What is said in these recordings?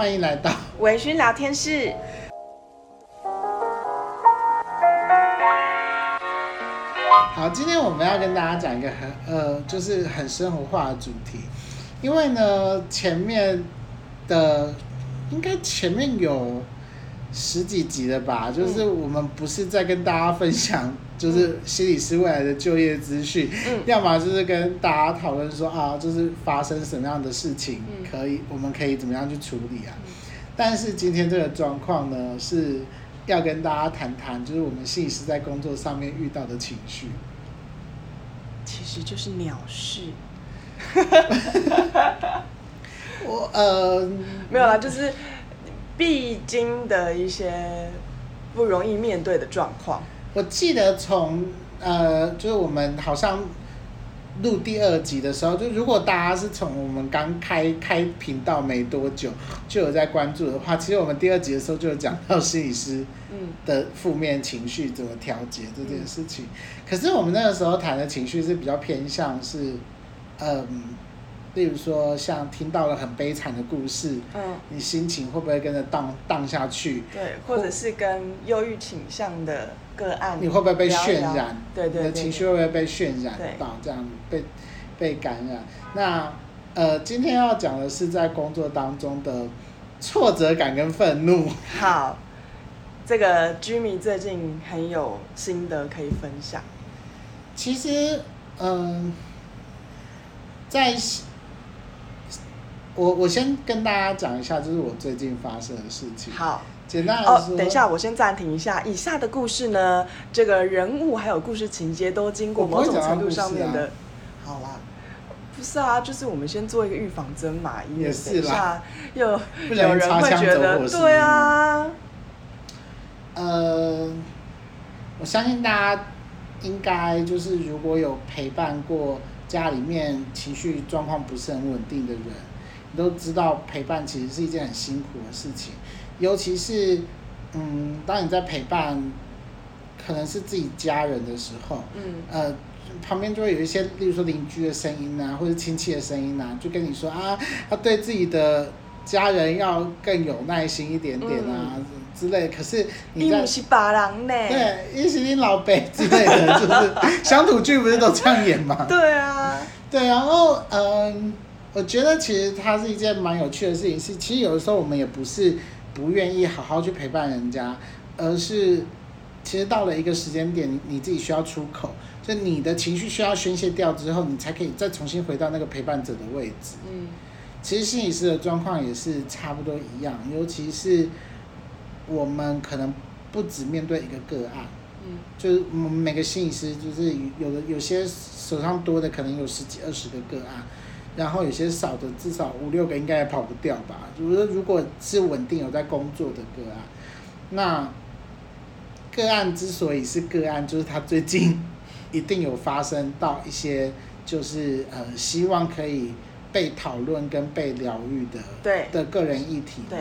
歡迎來到微醺聊天室。好，今天我們要跟大家講一個很呃，就是很生活化的主題，因為呢，前面的應該前面有。十幾集了吧、嗯？就是我們不是在跟大家分享，就是心理師未來的就業資訊、嗯嗯，要麼就是跟大家討論說啊，就是發生什麼樣的事情、嗯，可以，我們可以怎麼樣去處理啊？嗯、但是今天這個狀況呢，是要跟大家談談，就是我們心理師在工作上面遇到的情緒，其實就是鳥事 我，我呃，沒有啦，就是。必經的一些不容易面對的狀況。我記得從呃，就是我們好像錄第二集的時候，就如果大家是從我們剛開開頻道沒多久就有在關注的話，其實我們第二集的時候就有講到心理師的負面情緒怎麼調節這件事情、嗯。可是我們那個時候談的情緒是比較偏向是，嗯、呃。例如說，像聽到了很悲慘的故事，嗯，你心情會不會跟着蕩蕩下去？對，或者是跟憂鬱傾向的個案，你會不會被渲染？對對對，你的情緒會不會被渲染到，對對對對，這樣被被感染？那呃，今天要講的是在工作當中的挫折感跟憤怒。好，這個 Jimmy 最近很有心得可以分享。其實，嗯、呃，在。我我先跟大家講一下，就是我最近發生的事情。好，簡單哦。等一下，我先暫停一下。以下的故事呢，這個人物還有故事情節都經過某種程度上面的、啊。好啦，不是啊，就是我們先做一個預防針嘛。也是啦，有 有人會覺得，是是對啊、呃。我相信大家應該就是如果有陪伴過家裡面情緒狀況不是很穩定的人。都知道陪伴其實是一件很辛苦的事情，尤其是，嗯，當你在陪伴，可能是自己家人的時候，嗯，呃，旁邊就會有一些，例如說鄰居的聲音啊，或者親戚的聲音啊，就跟你說啊，要對自己的家人要更有耐心一點點啊之類。可、嗯、是，你唔是白人，對，他是老白之類的，是是是類的 就是，鄉土劇不是都這樣演嗎？對啊，對，然後，嗯。我覺得其實它是一件蠻有趣的事情，是其實有的時候我們也不是不願意好好去陪伴人家，而是其實到了一個時間點，你自己需要出口，就你的情緒需要宣泄掉之後，你才可以再重新回到那個陪伴者的位置。嗯，其實心理師的狀況也是差不多一樣，尤其是我們可能不只面對一個個案，嗯，就是我們每個心理師就是有的有些手上多的可能有十幾二十個個案。然後有些少的，至少五六個應該也跑不掉吧。如果如果是穩定有在工作的個案，那個案之所以是個案，就是他最近一定有發生到一些，就是呃希望可以被討論跟被療癒的，對的個人議題。對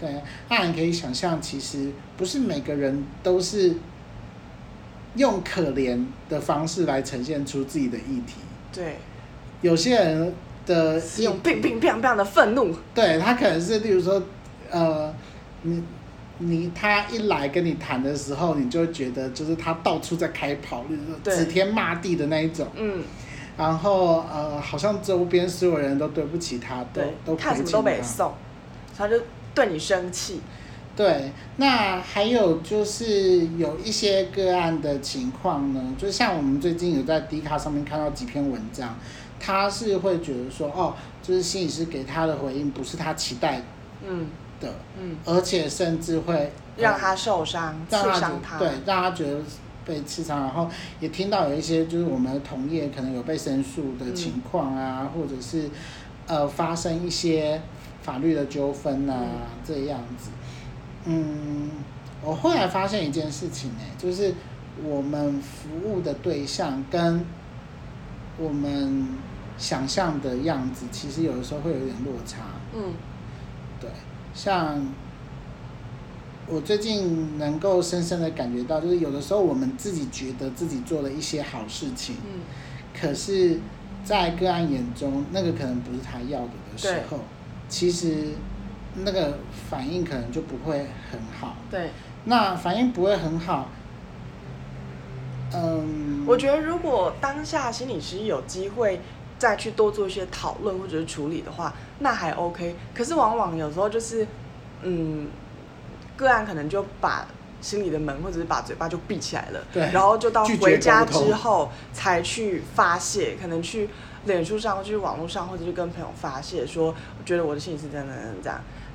對，那你可以想象，其實不是每個人都是用可憐的方式來呈現出自己的議題。對，有些人。的用砰砰砰砰的憤怒，對他可能是，例如說，呃，你你他一來跟你談的時候，你就會覺得就是他到處在開炮，就是指天罵地的那一種，嗯，然後呃，好像周邊所有人都對不起他，對，都看什麼都沒送，他就對你生氣，對，那還有就是有一些個案的情況呢，就像我們最近有在 Dcard 上面看到幾篇文章。他是會覺得說，哦，就是心理師給他的回應不是他期待的，的、嗯嗯，而且甚至會讓他受傷，呃、刺傷他，他，對，讓他覺得被刺傷，然後也聽到有一些就是我們同業可能有被申訴的情況啊，嗯、或者是呃發生一些法律的糾紛啊、嗯、這樣子，嗯，我後來發現一件事情呢、欸嗯，就是我們服務的對象跟我們。想象的樣子，其實有的時候會有點落差。嗯，對，像我最近能夠深深的感覺到，就是有的時候我們自己覺得自己做了一些好事情，嗯，可是，在個案眼中，那個可能不是他要的的時候，其實那個反應可能就不會很好。對，那反應不會很好。嗯，我覺得如果當下心理師有機會。再去多做一些討論或者是處理的話，那還 OK。可是往往有時候就是，嗯，個案可能就把心裡的門或者是把嘴巴就閉起來了，對，然後就到回家之後才去發洩，可能去臉書上，或去網絡上，或者去跟朋友發洩說，說覺得我的心理師怎怎怎這樣。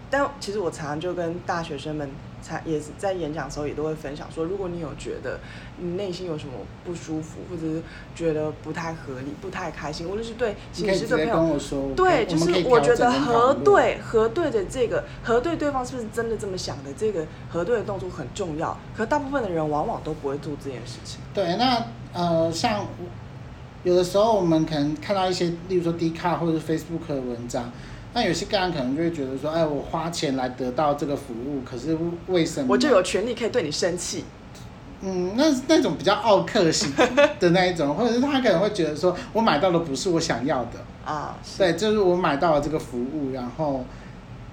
但其實我常常就跟大學生們。才也是在演講的時候也都會分享說，如果你有覺得你內心有什麼不舒服，或者是覺得不太合理、不太開心，無論是對其實的朋友，說對，就是我覺得核對核對的這個核對對方是不是真的這麼想的這個核對的動作很重要，可大部分的人往往都不會做這件事情。對，那呃，像有的時候我們可能看到一些，例如說 Dcard 或者是 Facebook 的文章。那有些個案可能就會覺得說，哎，我花錢來得到這個服務，可是為什麼？我就有權利可以對你生氣。嗯，那那種比較奧客型的那一種， 或者是他可能會覺得說，我買到的不是我想要的啊， 對，就是我買到了這個服務，然後。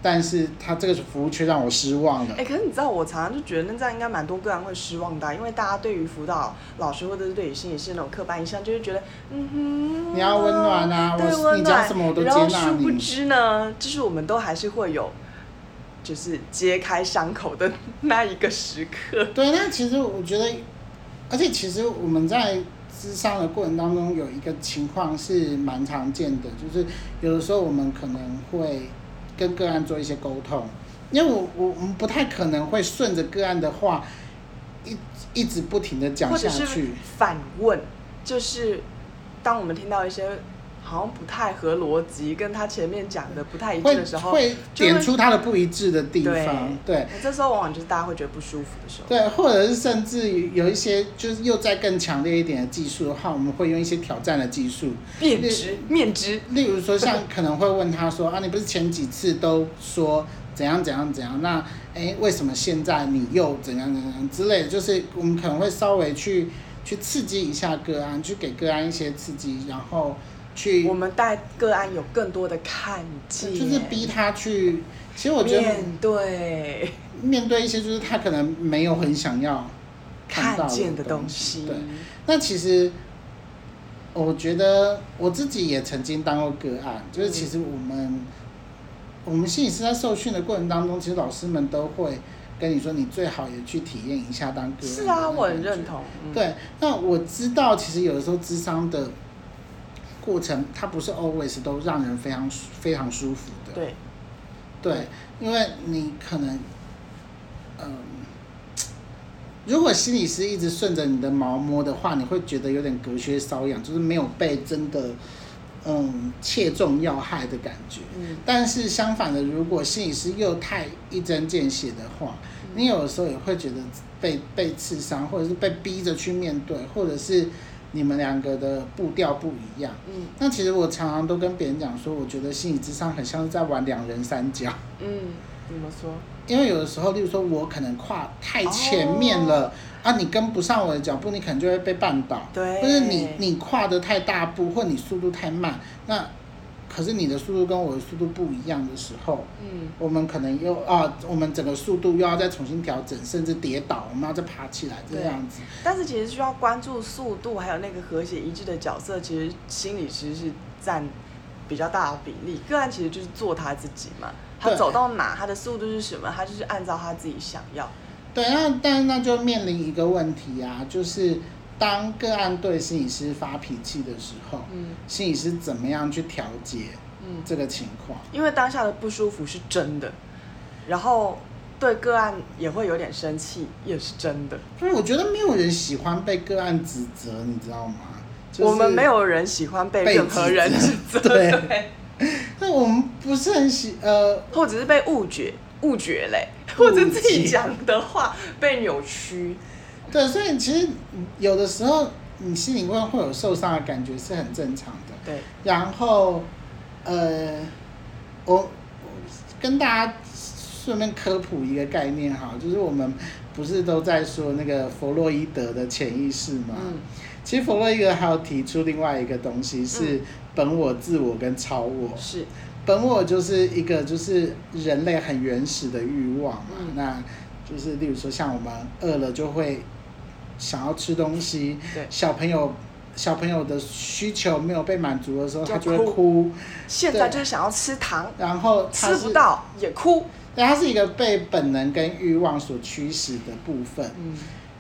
但是他這個服務卻讓我失望了、欸。哎，可是你知道，我常常就覺得，那這樣應該蠻多個人會失望的、啊，因為大家對於輔導老師或者是對於心理師那種刻板印象，就是覺得，嗯哼，你要溫暖啊，嗯、我、嗯、你講什麼我都接納，然後殊不知呢，就是我們都還是會有，就是揭開傷口的那一個時刻。對，那其實我覺得，而且其實我們在諮商的過程當中，有一個情況是蠻常見的，就是有的時候我們可能會。跟個案做一些溝通，因為我我們不太可能會順着個案的話，一一直不停的講下去，反問，就是當我們聽到一些，好像不太合邏輯，跟他前面講的不太一致的時候會，會點出他的不一致的地方對對。對，這時候往往就是大家會覺得不舒服的時候。對，或者是甚至有一些就是又再更強烈一點的技術的話，我們會用一些挑戰的技術，面質例面質例如說，像可能會問他說 啊，你不是前幾次都說怎樣怎樣怎樣，那、欸、為什麼現在你又怎樣怎樣之類的，就是我們可能會稍微去去刺激一下個案、啊，去給個案、啊、一些刺激，然後。去我們帶個案有更多的看見，就是逼他去。其實我覺得面對面對一些就是他可能沒有很想要看到的東西、看見的東西。對，那其實我覺得我自己也曾經當過個案，嗯、就是其實我們我們心理師在受訓的過程當中，其實老師們都會跟你說，你最好也去體驗一下當個案。是啊，那個、我很認同、嗯。對，那我知道，其實有的時候諮商的。過程它不是 always 都讓人非常非常舒服的。對。對，嗯、因為你可能，嗯、呃，如果心理師一直順着你的毛摸的話，你會覺得有點隔靴搔癢，就是沒有被真的，嗯，切中要害的感覺、嗯。但是相反的，如果心理師又太一針見血的話，嗯、你有時候也會覺得被被刺傷，或者是被逼着去面對，或者是。你們兩個的步調不一樣，嗯，那其實我常常都跟別人講說，我覺得心理諮商很像是在玩兩人三腳。嗯，怎麼說？因為有的時候、嗯，例如說我可能跨太前面了，哦，啊，你跟不上我的腳步，你可能就會被絆倒。對，或是你你跨得太大步，或你速度太慢，那。可是你的速度跟我的速度不一樣的時候，嗯，我們可能又啊，我們整個速度又要再重新調整，甚至跌倒，我們要再爬起來這樣子。但是其實需要關注速度，還有那個和諧一致的角色，其實心裡其實是佔比較大的比例。個案其實就是做他自己嘛，他走到哪，他的速度是什麼，他就是按照他自己想要。對，那但那就面臨一個問題啊，就是。當個案對心理師發脾氣的時候，嗯，心理師怎麼樣去調節這個情況？因為當下的不舒服是真的，然後對個案也會有點生氣，也是真的。因為我覺得沒有人喜歡被個案指責，嗯、你知道嗎？就是、我們沒有人喜歡被任何人指責，指責。對。那 我們不是很喜呃，或者是被誤解誤解嘞，或者自己講的話被扭曲。對，所以其實有的時候你心裡會會有受傷的感覺，是很正常的。對。然後，呃，我，我跟大家順便科普一個概念哈，就是我們不是都在說那個弗洛伊德的潛意識嘛？嗯、其實弗洛伊德還有提出另外一個東西，是本我、嗯、自我跟超我。是。本我就是一個就是人類很原始的欲望嘛，嗯、那就是例如說像我們餓了就會。想要吃東西，小朋友，小朋友的需求沒有被滿足的時候，他就會哭。現在就是想要吃糖，然後吃不到也哭。那它是一個被本能跟欲望所驅使的部分，嗯。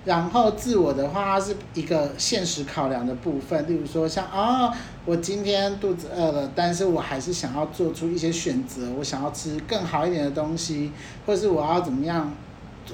然後自我的話，它是一個現實考量的部分。例如說像，像、哦、啊，我今天肚子餓了，但是我還是想要做出一些選擇。我想要吃更好一點的東西，或是我要怎麼樣？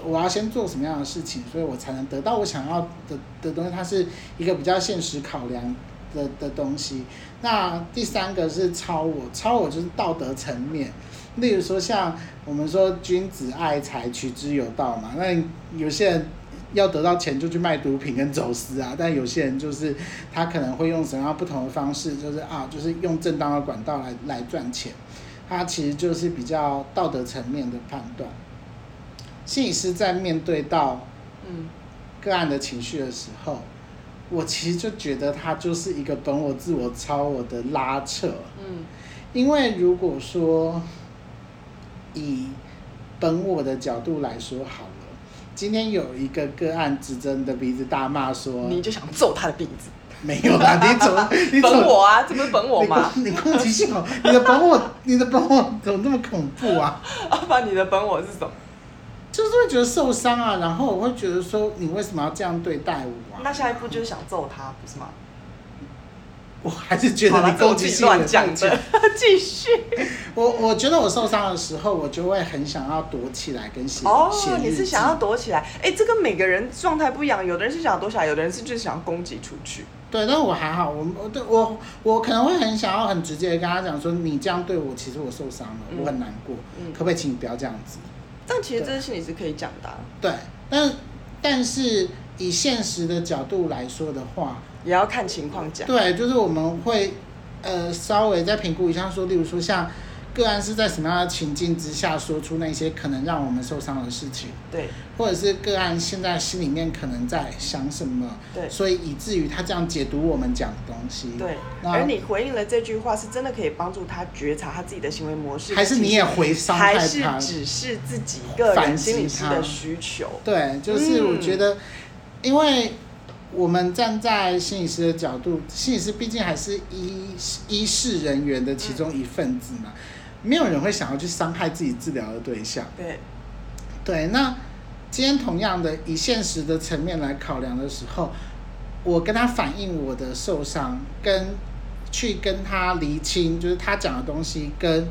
我要先做什麼樣的事情，所以我才能得到我想要的的東西，它是一個比較現實考量的的東西。那第三個是超我，超我就是道德層面，例如說像我們說君子愛財，取之有道嘛。那有些人要得到錢就去賣毒品跟走私啊，但有些人就是他可能會用什麼樣不同的方式，就是啊，就是用正當的管道來來賺錢，他其實就是比較道德層面的判斷。心理師在面對到嗯個案的情緒的時候，嗯，我其實就覺得他就是一個本我、自我、超我的拉扯，嗯。因為如果說以本我的角度來說，好了，今天有一個個案指着你的鼻子大罵說，你就想揍他的鼻子。沒有啊，你怎你 本我啊？ 怎麼本我嘛，啊？你攻擊性好，你， 你的本我，你的本我怎麼那麼恐怖啊？ 阿爸，你的本我是什麼？就是會覺得受傷啊，然後我會覺得說，你為什麼要這樣對待我、啊？那下一步就是想揍他，不是嗎？我還是覺得你攻擊亂講的，繼續我。我我覺得我受傷的時候，我就會很想要躲起來跟寫哦，你是想要躲起來？哎、欸，這個每個人狀態不一樣，有的人是想要躲起來，有的人是就是想要攻擊出去。對，那我還好，我我對我我可能會很想要很直接的跟他講說，你這樣對我，其實我受傷了，我很難過、嗯，可不可以請你不要這樣子？但其實這個心理是可以講的啊。對，但是但是以現實的角度來說的話，也要看情況講。對，就是我們會呃稍微再評估一下，說例如說像。個案是在什麼樣的情境之下說出那些可能讓我們受傷的事情？對，或者是個案現在心裡面可能在想什麼？對，所以以至於他這樣解讀我們講的東西。對，而你回應了這句話，是真的可以幫助他覺察他自己的行為模式，還是你也回傷害他？只是自己個人心理師的需求？對，就是我覺得，因為我們站在心理師的角度，嗯、心理師畢竟還是醫醫事人員的其中一份子嘛。嗯沒有人會想要去傷害自己治療的對象。對，對，那今天同樣的以現實的層面來考量的時候，我跟他反映我的受傷，跟去跟他釐清，就是他講的東西跟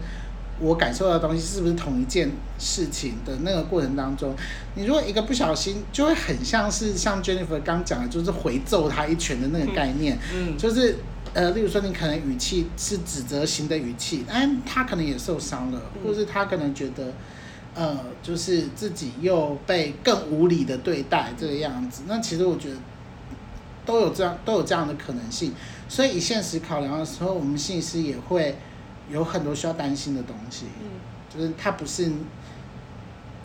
我感受到的東西是不是同一件事情的那個過程當中，你如果一個不小心，就會很像是像 Jennifer 剛剛講的，就是回揍他一拳的那個概念，嗯，嗯，就是。呃，例如說你可能語氣是指責型的語氣，哎，他可能也受傷了，或是他可能覺得，呃，就是自己又被更無理的對待這個樣子。那其實我覺得都有這樣都有這樣的可能性。所以，以現實考量的時候，我們心理師也會有很多需要擔心的東西，就是他不是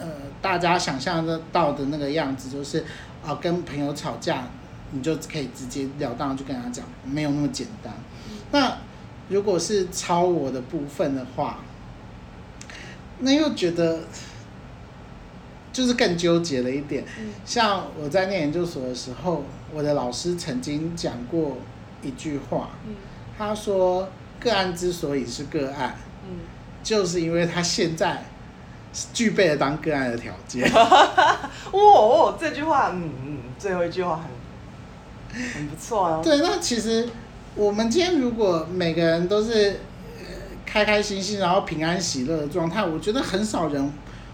呃大家想象得到的那個樣子，就是啊，呃，跟朋友吵架。你就可以直截了當的去跟他講，沒有那麼簡單。嗯。那如果是超我的部分的話，那又覺得就是更糾結了一點。嗯。像我在念研究所的時候，我的老師曾經講過一句話。嗯，他說個案之所以是個案，嗯，就是因為他現在是具備了當個案的條件。 哇，哦，這句話，嗯嗯，最後一句話很。很不錯啊。對，那其實我們今天如果每個人都是開開心心，然後平安喜樂的狀態，我覺得很少人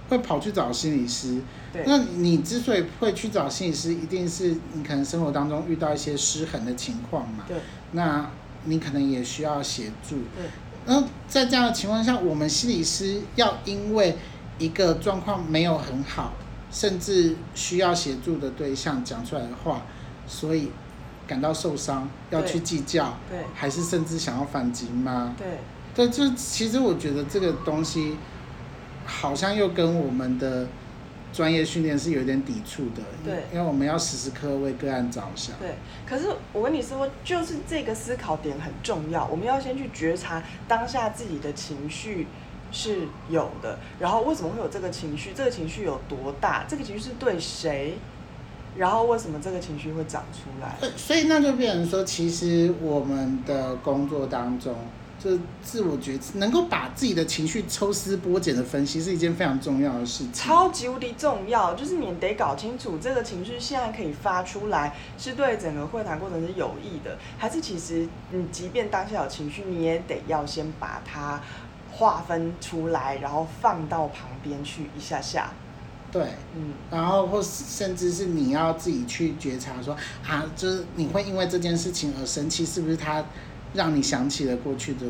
會跑去找心理師。對，那你之所以會去找心理師，一定是你可能生活當中遇到一些失衡的情況嘛。對，那你可能也需要協助。對，那在這樣的情況下，我們心理師要因為一個狀況沒有很好，甚至需要協助的對象講出來的話，所以。感到受傷，要去計較，對，對，還是甚至想要反擊嗎？對，但就其實我覺得這個東西，好像又跟我們的專業訓練是有一點抵觸的。對，因為我們要時時刻為個案着想。對，可是我跟你說，就是這個思考點很重要，我們要先去覺察當下自己的情緒是有的，然後為什麼會有這個情緒？這個情緒有多大？這個情緒是對誰？然後為什麼這個情緒會長出來？呃，所以那就變成說，其實我們的工作當中，就是自我覺知，能夠把自己的情緒抽絲剝繭的分析，是一件非常重要的事情。超級無敵重要，就是你得搞清楚這個情緒現在可以發出來，是對整個會談過程是有益的，還是其實你即便當下有情緒，你也得要先把它劃分出來，然後放到旁邊去一下下。對、嗯，然後或是甚至是你要自己去覺察說，啊，就是你會因為這件事情而生氣，是不是他讓你想起了過去的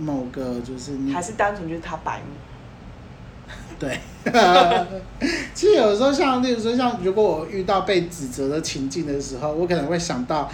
某個，就是你還是單純就是他白目？對， 其實有時候像，那個時候，像，如果我遇到被指責的情境的時候，我可能會想到。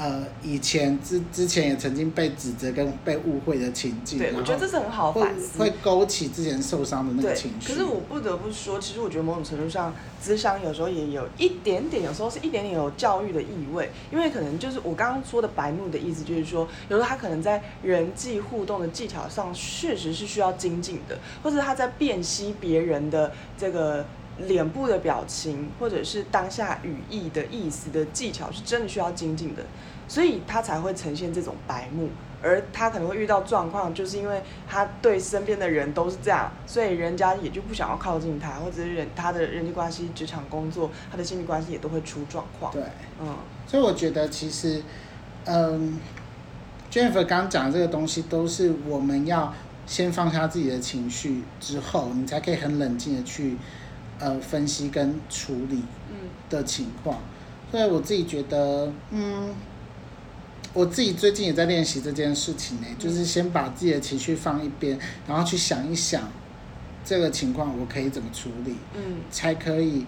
呃，以前之之前也曾經被指責跟被誤會的情境，對，我覺得這是很好反思，會勾起之前受傷的那個情緒。可是我不得不說，其實我覺得某種程度上，諮商有時候也有一點點，有時候是一點點有教育的意味，因為可能就是我剛剛說的白目的意思，就是說有時候他可能在人際互動的技巧上確實是需要精進的，或者他在辨析別人的這個。臉部的表情，或者是當下語義的意思的技巧，是真的需要精進的，所以他才會呈現這種白目。而他可能會遇到狀況，就是因為他對身邊的人都是這樣，所以人家也就不想要靠近他，或者是人他的人際關係、職場工作，他的親密關係也都會出狀況。對，嗯，所以我覺得其實，嗯，Jennifer 剛剛講這個東西，都是我們要先放下自己的情緒之後，你才可以很冷靜的去。呃，分析跟處理嗯的情況，嗯，所以我自己覺得，嗯，我自己最近也在練習這件事情呢，欸嗯，就是先把自己的情緒放一邊，然後去想一想這個情況我可以怎麼處理，嗯，才可以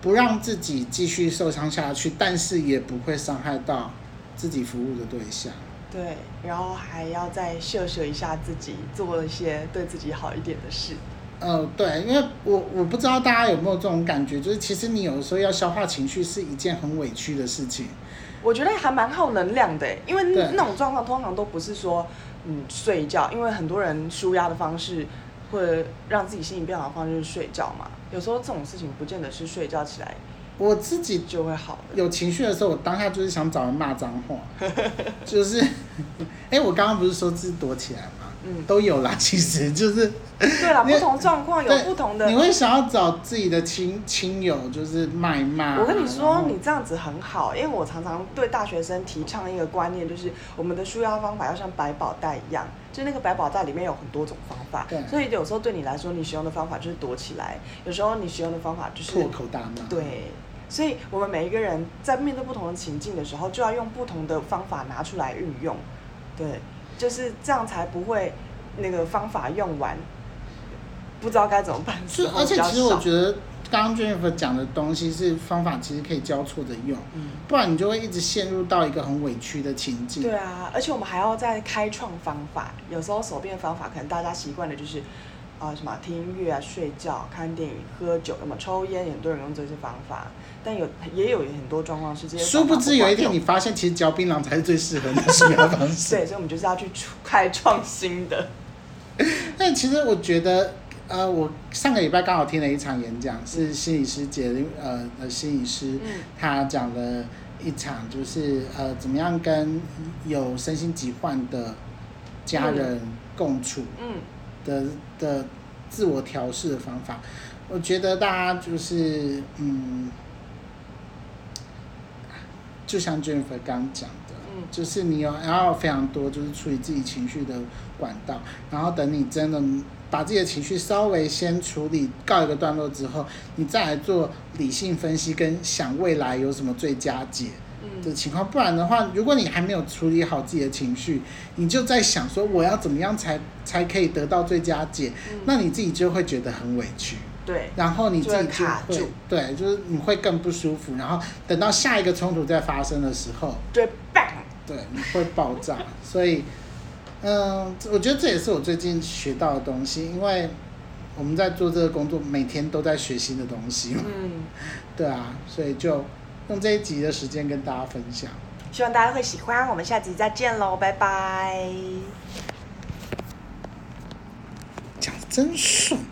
不讓自己繼續受傷下去，但是也不會傷害到自己服務的對象。對，然後還要再秀秀一下自己，做一些對自己好一點的事。呃、哦，對，因為我我不知道大家有沒有這種感覺，就是其實你有的時候要消化情緒是一件很委屈的事情。我覺得還蠻耗能量的，因為那種狀況通常都不是說嗯睡覺，因為很多人舒壓的方式或者讓自己心情變好的方式是睡覺嘛。有時候這種事情不見得是睡覺起來，我自己就會好。有情緒的時候，我當下就是想找人罵髒話， 就是哎，我剛剛不是說自己躲起來嗎？嗯，都有啦，其實就是。對啦，不同狀況有不同的。你會想要找自己的親親友，就是罵一罵。我跟你說、嗯，你這樣子很好，因為我常常對大學生提倡一個觀念，就是我們的舒壓方法要像百寶袋一樣，就那個百寶袋裡面有很多種方法。對。所以有時候對你來說，你使用的方法就是躲起來；有時候你使用的方法就是破口大罵。對。所以我們每一個人在面對不同的情境的時候，就要用不同的方法拿出來運用。對。就是這樣才不會那個方法用完，不知道該怎麼辦。是，而且其實我覺得剛剛 Jennifer 講的東西是方法，其實可以交錯着用，不然你就會一直陷入到一個很委屈的情境。對啊，而且我們還要再開創方法，有時候手邊的方法可能大家習慣的就是。啊，什麼聽音樂啊、睡覺、看電影、喝酒，那麼抽菸，也很多人用這些方法。但有也有很多狀況是這些方法，殊不,不知有一天你發現，其實嚼檳榔才是最適合的方式。 對，所以，我們就是要去開創新的。 但其實我覺得，呃，我上個禮拜剛好聽了一場演講，是心理師姐，呃、嗯、呃，心理師，他講了一場，就是、嗯、呃，怎麼樣跟有身心疾患的家人共處。嗯。嗯的的自我調適的方法，我覺得大家就是嗯，就像 Jennifer 剛講的，嗯，就是你有 L 非常多就是處理自己情緒的管道，然後等你真的把自己的情緒稍微先處理告一個段落之後，你再來做理性分析跟想未來有什麼最佳解。的情況，不然的話，如果你還沒有處理好自己的情緒，你就在想說我要怎麼樣才才可以得到最佳解，嗯，那你自己就會覺得很委屈。對，然後你自己就會就對，就是你會更不舒服。然後等到下一個衝突再發生的時候，對，爆，對，你會爆炸。 所以，嗯，我覺得這也是我最近學到的東西，因為我們在做這個工作，每天都在學新的東西。嗯， 對啊，所以就。用這一集的時間跟大家分享，希望大家會喜歡。我們下集再見嘍，拜拜！講得真順。